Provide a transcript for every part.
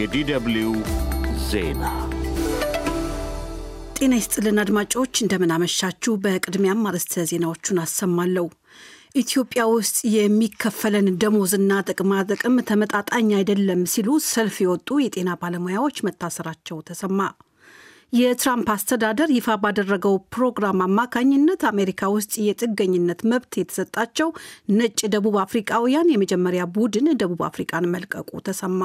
የዲደብሊው ዜና ጤና ይስጥልን አድማጮች፣ እንደምናመሻችሁ። በቅድሚያም አርዕስተ ዜናዎቹን አሰማለሁ። ኢትዮጵያ ውስጥ የሚከፈለን ደሞዝና ጥቅማ ጥቅም ተመጣጣኝ አይደለም ሲሉ ሰልፍ የወጡ የጤና ባለሙያዎች መታሰራቸው ተሰማ። የትራምፕ አስተዳደር ይፋ ባደረገው ፕሮግራም አማካኝነት አሜሪካ ውስጥ የጥገኝነት መብት የተሰጣቸው ነጭ ደቡብ አፍሪቃውያን የመጀመሪያ ቡድን ደቡብ አፍሪቃን መልቀቁ ተሰማ።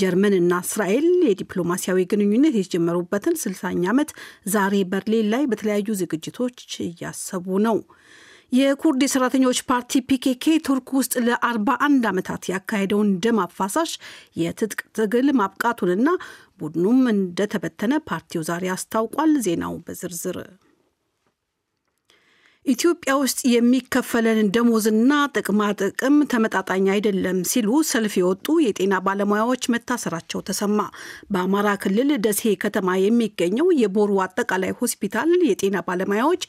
ጀርመንና እስራኤል የዲፕሎማሲያዊ ግንኙነት የጀመሩበትን ስልሳኛ ዓመት ዛሬ በርሊን ላይ በተለያዩ ዝግጅቶች እያሰቡ ነው። የኩርድ የሰራተኞች ፓርቲ ፒኬኬ ቱርክ ውስጥ ለ41 ዓመታት ያካሄደውን ደም አፋሳሽ የትጥቅ ትግል ማብቃቱንና ቡድኑም እንደተበተነ ፓርቲው ዛሬ አስታውቋል። ዜናው በዝርዝር ኢትዮጵያ ውስጥ የሚከፈለን ደሞዝና ጥቅማ ጥቅም ተመጣጣኝ አይደለም ሲሉ ሰልፍ የወጡ የጤና ባለሙያዎች መታሰራቸው ተሰማ። በአማራ ክልል ደሴ ከተማ የሚገኘው የቦሩ አጠቃላይ ሆስፒታል የጤና ባለሙያዎች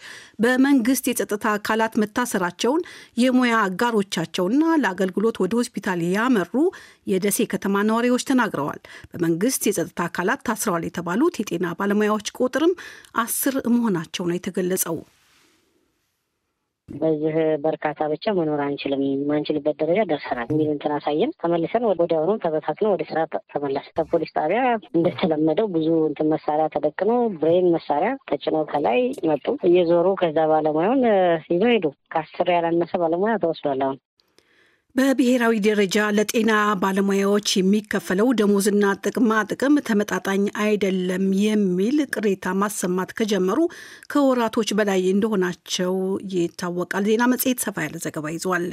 በመንግስት የጸጥታ አካላት መታሰራቸውን የሙያ አጋሮቻቸውና ለአገልግሎት ወደ ሆስፒታል ያመሩ የደሴ ከተማ ነዋሪዎች ተናግረዋል። በመንግስት የጸጥታ አካላት ታስረዋል የተባሉት የጤና ባለሙያዎች ቁጥርም አስር መሆናቸው ነው የተገለጸው። በዚህ በርካታ ብቻ መኖር አንችልም፣ ማንችልበት ደረጃ ደርሰናል የሚል እንትን አሳየን። ተመልሰን ወዲያውኑ ተበታትኖ ወደ ስራ ተመለስ። ከፖሊስ ጣቢያ እንደተለመደው ብዙ እንትን መሳሪያ ተደቅኖ ብሬን መሳሪያ ተጭኖ ከላይ መጡ። እየዞሩ ከዛ ባለሙያውን ይዞ ሄዱ። ከአስር ያላነሰ ባለሙያ ተወስዷል አሁን በብሔራዊ ደረጃ ለጤና ባለሙያዎች የሚከፈለው ደሞዝና ጥቅማ ጥቅም ተመጣጣኝ አይደለም የሚል ቅሬታ ማሰማት ከጀመሩ ከወራቶች በላይ እንደሆናቸው ይታወቃል። ዜና መጽሔት ሰፋ ያለ ዘገባ ይዟል።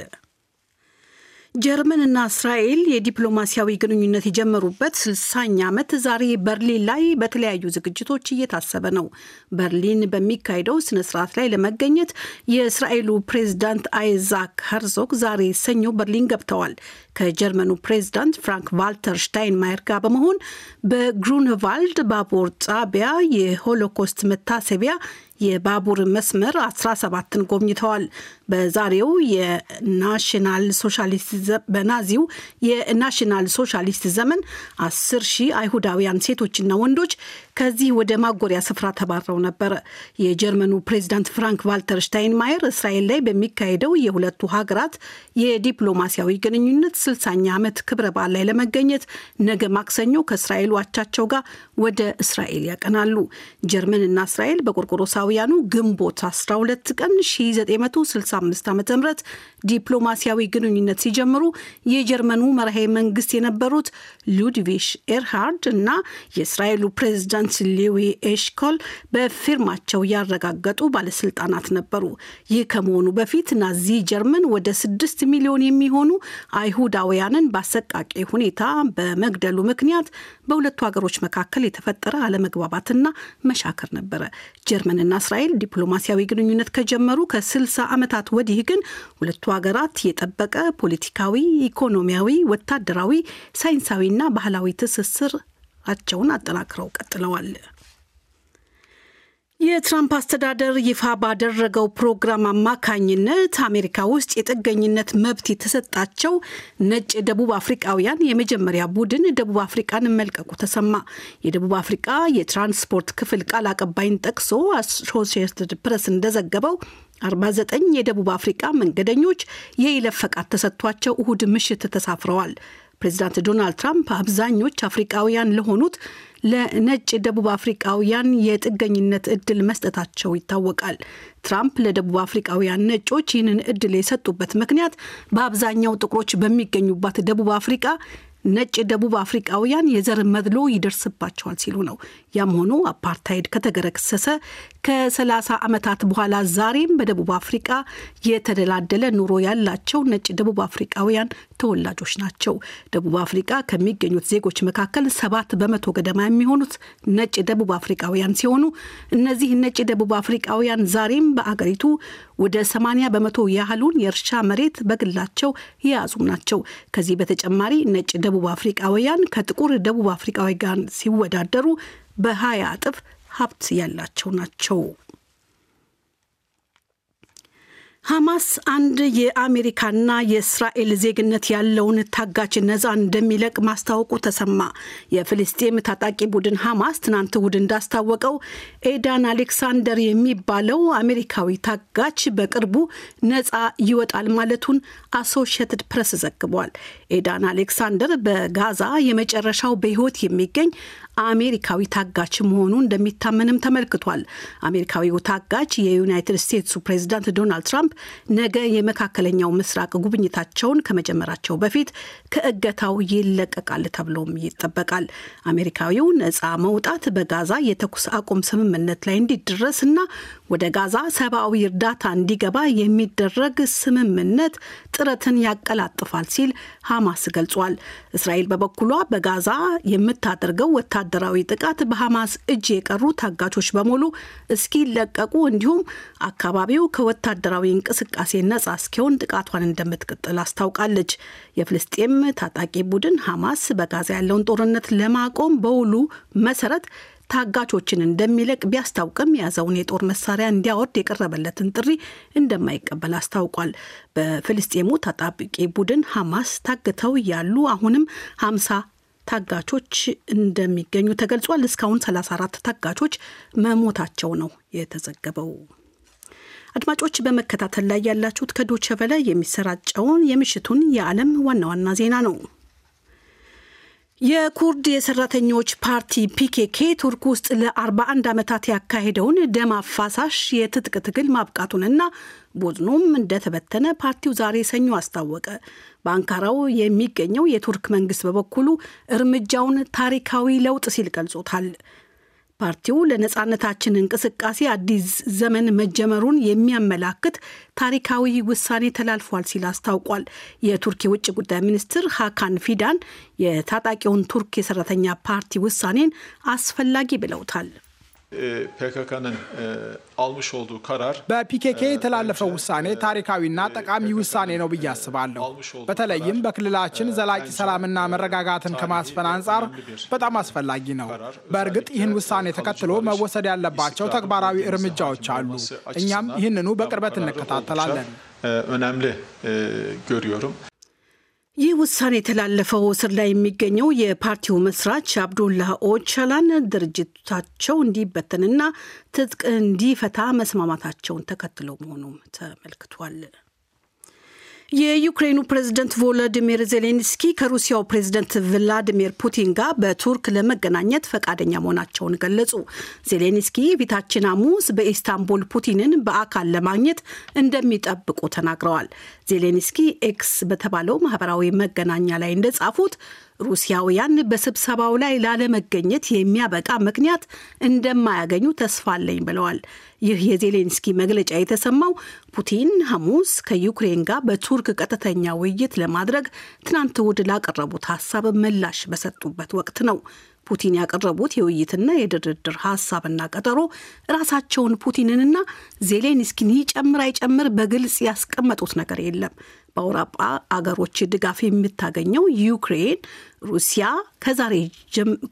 ጀርመንና እስራኤል የዲፕሎማሲያዊ ግንኙነት የጀመሩበት ስልሳኝ ዓመት ዛሬ በርሊን ላይ በተለያዩ ዝግጅቶች እየታሰበ ነው። በርሊን በሚካሄደው ስነ ስርዓት ላይ ለመገኘት የእስራኤሉ ፕሬዝዳንት አይዛክ ሀርዞግ ዛሬ ሰኞ በርሊን ገብተዋል። ከጀርመኑ ፕሬዝዳንት ፍራንክ ቫልተር ሽታይንማየር ጋር በመሆን በግሩንቫልድ ባቡር ጣቢያ የሆሎኮስት መታሰቢያ የባቡር መስመር 17ን ጎብኝተዋል። በዛሬው የናሽናል ሶሻሊስት በናዚው የናሽናል ሶሻሊስት ዘመን 10 ሺህ አይሁዳውያን ሴቶችና ወንዶች ከዚህ ወደ ማጎሪያ ስፍራ ተባረው ነበር። የጀርመኑ ፕሬዚዳንት ፍራንክ ቫልተር ሽታይንማየር እስራኤል ላይ በሚካሄደው የሁለቱ ሀገራት የዲፕሎማሲያዊ ግንኙነት 60 ዓመት ክብረ በዓል ላይ ለመገኘት ነገ ማክሰኞ ከእስራኤሉ አቻቸው ጋር ወደ እስራኤል ያቀናሉ። ጀርመንና እስራኤል በቆርቆሮሳ በአውሮፓውያኑ ግንቦት 12 ቀን 1965 ዓ ም ዲፕሎማሲያዊ ግንኙነት ሲጀምሩ የጀርመኑ መርሃዊ መንግስት የነበሩት ሉድቪሽ ኤርሃርድ እና የእስራኤሉ ፕሬዚዳንት ሊዊ ኤሽኮል በፊርማቸው ያረጋገጡ ባለስልጣናት ነበሩ። ይህ ከመሆኑ በፊት ናዚ ጀርመን ወደ ስድስት ሚሊዮን የሚሆኑ አይሁዳውያንን በአሰቃቂ ሁኔታ በመግደሉ ምክንያት በሁለቱ ሀገሮች መካከል የተፈጠረ አለመግባባትና መሻከር ነበረ። ጀርመንና እስራኤል ዲፕሎማሲያዊ ግንኙነት ከጀመሩ ከ60 ዓመታት ወዲህ ግን ሁለቱ ሀገራት የጠበቀ ፖለቲካዊ፣ ኢኮኖሚያዊ፣ ወታደራዊ፣ ሳይንሳዊና ባህላዊ ቸውን አጠናክረው ቀጥለዋል። የትራምፕ አስተዳደር ይፋ ባደረገው ፕሮግራም አማካኝነት አሜሪካ ውስጥ የጥገኝነት መብት የተሰጣቸው ነጭ ደቡብ አፍሪቃውያን የመጀመሪያ ቡድን ደቡብ አፍሪቃን መልቀቁ ተሰማ። የደቡብ አፍሪቃ የትራንስፖርት ክፍል ቃል አቀባይን ጠቅሶ አሶሺየትድ ፕሬስ እንደዘገበው 49 የደቡብ አፍሪቃ መንገደኞች የይለፍ ፈቃድ ተሰጥቷቸው እሁድ ምሽት ተሳፍረዋል። ፕሬዚዳንት ዶናልድ ትራምፕ አብዛኞች አፍሪቃውያን ለሆኑት ለነጭ ደቡብ አፍሪቃውያን የጥገኝነት እድል መስጠታቸው ይታወቃል። ትራምፕ ለደቡብ አፍሪቃውያን ነጮች ይህንን እድል የሰጡበት ምክንያት በአብዛኛው ጥቁሮች በሚገኙባት ደቡብ አፍሪቃ ነጭ ደቡብ አፍሪቃውያን የዘር መድሎ ይደርስባቸዋል ሲሉ ነው። ያም ሆኖ አፓርታይድ ከተገረሰሰ ከ30 ዓመታት በኋላ ዛሬም በደቡብ አፍሪቃ የተደላደለ ኑሮ ያላቸው ነጭ ደቡብ አፍሪቃውያን ተወላጆች ናቸው። ደቡብ አፍሪቃ ከሚገኙት ዜጎች መካከል ሰባት በመቶ ገደማ የሚሆኑት ነጭ ደቡብ አፍሪቃውያን ሲሆኑ እነዚህ ነጭ ደቡብ አፍሪቃውያን ዛሬም በአገሪቱ ወደ 80 በመቶ ያህሉን የእርሻ መሬት በግላቸው የያዙም ናቸው። ከዚህ በተጨማሪ ነጭ ደቡብ አፍሪቃውያን ከጥቁር ደቡብ አፍሪቃዊ ጋር ሲወዳደሩ በ20 እጥፍ ሀብት ያላቸው ናቸው። ሐማስ አንድ የአሜሪካና የእስራኤል ዜግነት ያለውን ታጋች ነፃ እንደሚለቅ ማስታወቁ ተሰማ። የፍልስጤም ታጣቂ ቡድን ሐማስ ትናንት እሁድ እንዳስታወቀው ኤዳን አሌክሳንደር የሚባለው አሜሪካዊ ታጋች በቅርቡ ነፃ ይወጣል ማለቱን አሶሽትድ ፕሬስ ዘግቧል። ኤዳን አሌክሳንደር በጋዛ የመጨረሻው በሕይወት የሚገኝ አሜሪካዊ ታጋች መሆኑ እንደሚታመንም ተመልክቷል። አሜሪካዊው ታጋች የዩናይትድ ስቴትሱ ፕሬዚዳንት ዶናልድ ትራምፕ ትራምፕ ነገ የመካከለኛው ምስራቅ ጉብኝታቸውን ከመጀመራቸው በፊት ከእገታው ይለቀቃል ተብሎም ይጠበቃል። አሜሪካዊው ነፃ መውጣት በጋዛ የተኩስ አቁም ስምምነት ላይ እንዲደረስ እና ወደ ጋዛ ሰብአዊ እርዳታ እንዲገባ የሚደረግ ስምምነት ጥረትን ያቀላጥፋል ሲል ሐማስ ገልጿል። እስራኤል በበኩሏ በጋዛ የምታደርገው ወታደራዊ ጥቃት በሐማስ እጅ የቀሩ ታጋቾች በሙሉ እስኪለቀቁ እንዲሁም አካባቢው ከወታደራዊ እንቅስቃሴ ነጻ እስኪሆን ጥቃቷን እንደምትቀጥል አስታውቃለች። የፍልስጤም ታጣቂ ቡድን ሐማስ በጋዛ ያለውን ጦርነት ለማቆም በውሉ መሰረት ታጋቾችን እንደሚለቅ ቢያስታውቅም የያዘውን የጦር መሳሪያ እንዲያወርድ የቀረበለትን ጥሪ እንደማይቀበል አስታውቋል። በፍልስጤሙ ታጣቂ ቡድን ሐማስ ታግተው ያሉ አሁንም ሀምሳ ታጋቾች እንደሚገኙ ተገልጿል። እስካሁን 34 ታጋቾች መሞታቸው ነው የተዘገበው። አድማጮች በመከታተል ላይ ያላችሁት ከዶቸ በላይ የሚሰራጨውን የምሽቱን የዓለም ዋና ዋና ዜና ነው። የኩርድ የሰራተኞች ፓርቲ ፒኬኬ ቱርክ ውስጥ ለ41 ዓመታት ያካሄደውን ደም አፋሳሽ የትጥቅ ትግል ማብቃቱንና ቡድኑም እንደተበተነ ፓርቲው ዛሬ ሰኞ አስታወቀ። በአንካራው የሚገኘው የቱርክ መንግስት በበኩሉ እርምጃውን ታሪካዊ ለውጥ ሲል ገልጾታል። ፓርቲው ለነፃነታችን እንቅስቃሴ አዲስ ዘመን መጀመሩን የሚያመላክት ታሪካዊ ውሳኔ ተላልፏል ሲል አስታውቋል። የቱርክ የውጭ ጉዳይ ሚኒስትር ሀካን ፊዳን የታጣቂውን ቱርክ የሰራተኛ ፓርቲ ውሳኔን አስፈላጊ ብለውታል። ፔከከንን አልሙሽ ሆልዱ ከራር በፒኬኬ e, የተላለፈው ውሳኔ e, ታሪካዊና e, ጠቃሚ ውሳኔ ነው ብዬ አስባለሁ። በተለይም በክልላችን ዘላቂ ሰላምና መረጋጋትን ከማስፈን አንጻር በጣም አስፈላጊ ነው። በእርግጥ ይህን ውሳኔ ተከትሎ መወሰድ ያለባቸው ተግባራዊ እርምጃዎች አሉ። እኛም ይህንኑ በቅርበት እንከታተላለን። önemli görüyorum. ይህ ውሳኔ የተላለፈው እስር ላይ የሚገኘው የፓርቲው መስራች አብዱላህ ኦቻላን ድርጅታቸው እንዲበተንና ትጥቅ እንዲፈታ መስማማታቸውን ተከትሎ መሆኑም ተመልክቷል። የዩክሬኑ ፕሬዝደንት ቮሎዲሚር ዜሌንስኪ ከሩሲያው ፕሬዝደንት ቭላዲሚር ፑቲን ጋር በቱርክ ለመገናኘት ፈቃደኛ መሆናቸውን ገለጹ። ዜሌንስኪ ፊታችን ሐሙስ በኢስታንቡል ፑቲንን በአካል ለማግኘት እንደሚጠብቁ ተናግረዋል። ዜሌንስኪ ኤክስ በተባለው ማህበራዊ መገናኛ ላይ እንደጻፉት ሩሲያውያን በስብሰባው ላይ ላለመገኘት የሚያበቃ ምክንያት እንደማያገኙ ተስፋ አለኝ ብለዋል። ይህ የዜሌንስኪ መግለጫ የተሰማው ፑቲን ሐሙስ ከዩክሬን ጋር በቱርክ ቀጥተኛ ውይይት ለማድረግ ትናንት ውድ ላቀረቡት ሀሳብ ምላሽ በሰጡበት ወቅት ነው። ፑቲን ያቀረቡት የውይይትና የድርድር ሀሳብና ቀጠሮ ራሳቸውን ፑቲንንና ዜሌንስኪን ይጨምር አይጨምር በግልጽ ያስቀመጡት ነገር የለም። በአውሮፓ አገሮች ድጋፍ የምታገኘው ዩክሬን ሩሲያ ከዛሬ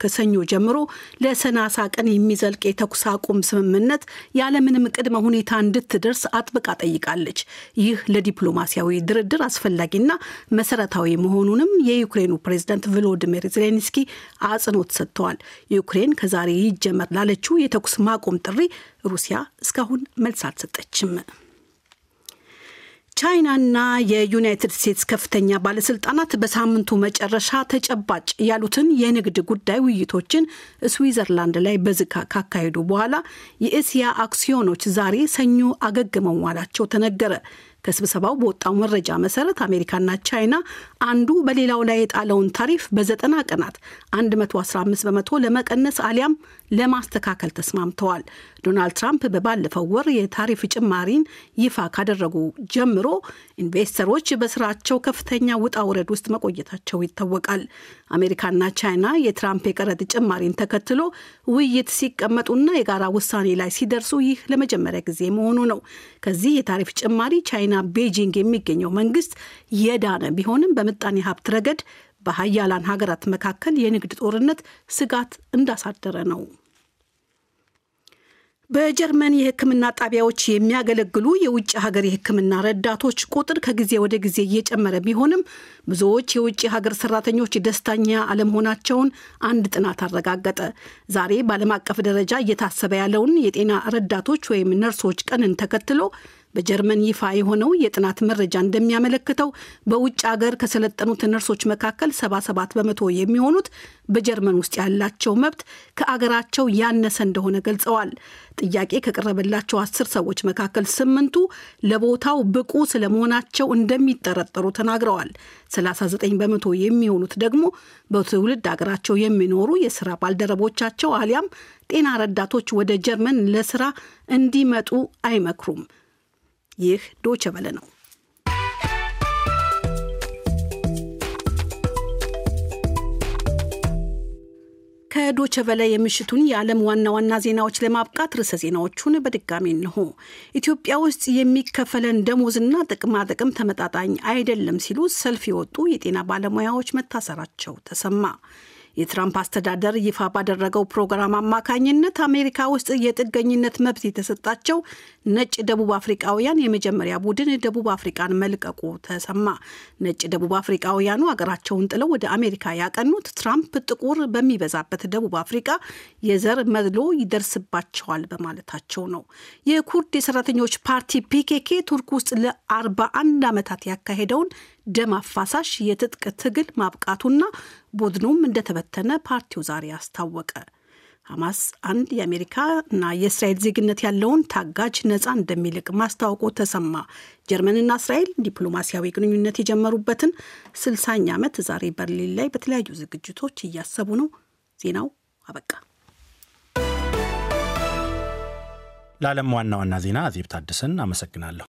ከሰኞ ጀምሮ ለሰናሳ ቀን የሚዘልቅ የተኩስ አቁም ስምምነት ያለምንም ቅድመ ሁኔታ እንድትደርስ አጥብቃ ጠይቃለች። ይህ ለዲፕሎማሲያዊ ድርድር አስፈላጊና መሰረታዊ መሆኑንም የዩክሬኑ ፕሬዝዳንት ቮሎዲሚር ዜሌንስኪ አጽንኦት ሰጥተዋል። ዩክሬን ከዛሬ ይጀመር ላለችው የተኩስ ማቆም ጥሪ ሩሲያ እስካሁን መልስ አልሰጠችም። ቻይናና የዩናይትድ ስቴትስ ከፍተኛ ባለስልጣናት በሳምንቱ መጨረሻ ተጨባጭ ያሉትን የንግድ ጉዳይ ውይይቶችን ስዊዘርላንድ ላይ በዝካ ካካሄዱ በኋላ የእስያ አክሲዮኖች ዛሬ ሰኞ አገግመው ዋላቸው ተነገረ። ከስብሰባው በወጣው መረጃ መሰረት አሜሪካና ቻይና አንዱ በሌላው ላይ የጣለውን ታሪፍ በዘጠና ቀናት 115 በመቶ ለመቀነስ አሊያም ለማስተካከል ተስማምተዋል። ዶናልድ ትራምፕ በባለፈው ወር የታሪፍ ጭማሪን ይፋ ካደረጉ ጀምሮ ኢንቨስተሮች በስራቸው ከፍተኛ ውጣ ውረድ ውስጥ መቆየታቸው ይታወቃል። አሜሪካና ቻይና የትራምፕ የቀረጥ ጭማሪን ተከትሎ ውይይት ሲቀመጡና የጋራ ውሳኔ ላይ ሲደርሱ ይህ ለመጀመሪያ ጊዜ መሆኑ ነው። ከዚህ የታሪፍ ጭማሪ ቻይና ቤጂንግ የሚገኘው መንግስት የዳነ ቢሆንም በምጣኔ ሀብት ረገድ በሀያላን ሀገራት መካከል የንግድ ጦርነት ስጋት እንዳሳደረ ነው። በጀርመን የህክምና ጣቢያዎች የሚያገለግሉ የውጭ ሀገር የህክምና ረዳቶች ቁጥር ከጊዜ ወደ ጊዜ እየጨመረ ቢሆንም ብዙዎች የውጭ ሀገር ሰራተኞች ደስተኛ አለመሆናቸውን አንድ ጥናት አረጋገጠ። ዛሬ በዓለም አቀፍ ደረጃ እየታሰበ ያለውን የጤና ረዳቶች ወይም ነርሶች ቀንን ተከትሎ በጀርመን ይፋ የሆነው የጥናት መረጃ እንደሚያመለክተው በውጭ አገር ከሰለጠኑት ነርሶች መካከል 77 በመቶ የሚሆኑት በጀርመን ውስጥ ያላቸው መብት ከአገራቸው ያነሰ እንደሆነ ገልጸዋል። ጥያቄ ከቀረበላቸው አስር ሰዎች መካከል ስምንቱ ለቦታው ብቁ ስለመሆናቸው እንደሚጠረጠሩ ተናግረዋል። 39 በመቶ የሚሆኑት ደግሞ በትውልድ አገራቸው የሚኖሩ የስራ ባልደረቦቻቸው አሊያም ጤና ረዳቶች ወደ ጀርመን ለስራ እንዲመጡ አይመክሩም። ይህ ዶቸበለ ነው። ከዶቸበለ የምሽቱን የዓለም ዋና ዋና ዜናዎች ለማብቃት ርዕሰ ዜናዎቹን በድጋሚ እንሆ። ኢትዮጵያ ውስጥ የሚከፈለን ደሞዝና ጥቅማ ጥቅም ተመጣጣኝ አይደለም ሲሉ ሰልፍ የወጡ የጤና ባለሙያዎች መታሰራቸው ተሰማ። የትራምፕ አስተዳደር ይፋ ባደረገው ፕሮግራም አማካኝነት አሜሪካ ውስጥ የጥገኝነት መብት የተሰጣቸው ነጭ ደቡብ አፍሪቃውያን የመጀመሪያ ቡድን ደቡብ አፍሪቃን መልቀቁ ተሰማ። ነጭ ደቡብ አፍሪቃውያኑ አገራቸውን ጥለው ወደ አሜሪካ ያቀኑት ትራምፕ ጥቁር በሚበዛበት ደቡብ አፍሪቃ የዘር መድሎ ይደርስባቸዋል በማለታቸው ነው። የኩርድ የሰራተኞች ፓርቲ ፒኬኬ ቱርክ ውስጥ ለ41 ዓመታት ያካሄደውን ደም አፋሳሽ የትጥቅ ትግል ማብቃቱና ቡድኑም እንደተበተነ ፓርቲው ዛሬ አስታወቀ። ሐማስ አንድ የአሜሪካ እና የእስራኤል ዜግነት ያለውን ታጋጅ ነፃ እንደሚልቅ ማስታወቁ ተሰማ። ጀርመንና እስራኤል ዲፕሎማሲያዊ ግንኙነት የጀመሩበትን ስልሳኛ ዓመት ዛሬ በርሊን ላይ በተለያዩ ዝግጅቶች እያሰቡ ነው። ዜናው አበቃ። ለዓለም ዋና ዋና ዜና አዜብ ታድሰን አመሰግናለሁ።